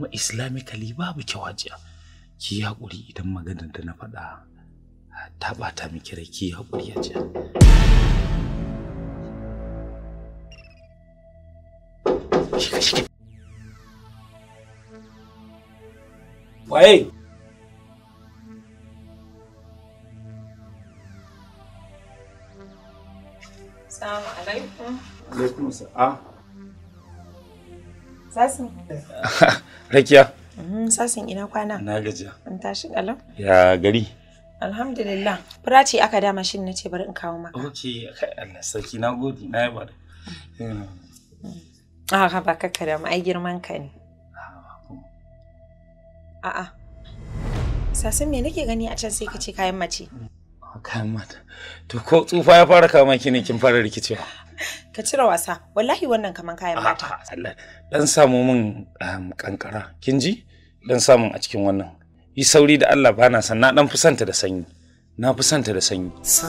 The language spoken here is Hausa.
kuma islamically babu kyau hajiya ki haƙuri idan maganar da na faɗa ah, ta ɓata miki rai ki haƙuri hajiya waye Assalamu alaikum. Alaikum Sasin. Rakiya. Mm, sasin ina kwana. Na gajiya. An tashi ƙalam. Ya gari. Alhamdulillah. Fura ce aka dama shi na ce bari in kawo maka. Ok, Allah sarki na gode na yaba da. A'a mm. mm. ah, ba kakka da ai girman ka ne. Ah, A'a. Sasin me nake gani a can sai ka ce kayan mace? Ah, kayan mata. To ko tsufa ya fara kama ki ne kin fara rikicewa. ka cire wasa wallahi wannan kaman kayan mata dan samu min um, kankara kin ji dan samu a cikin wannan yi sauri da Allah bana san na dan fusanta da sanyi na fusanta da sanyi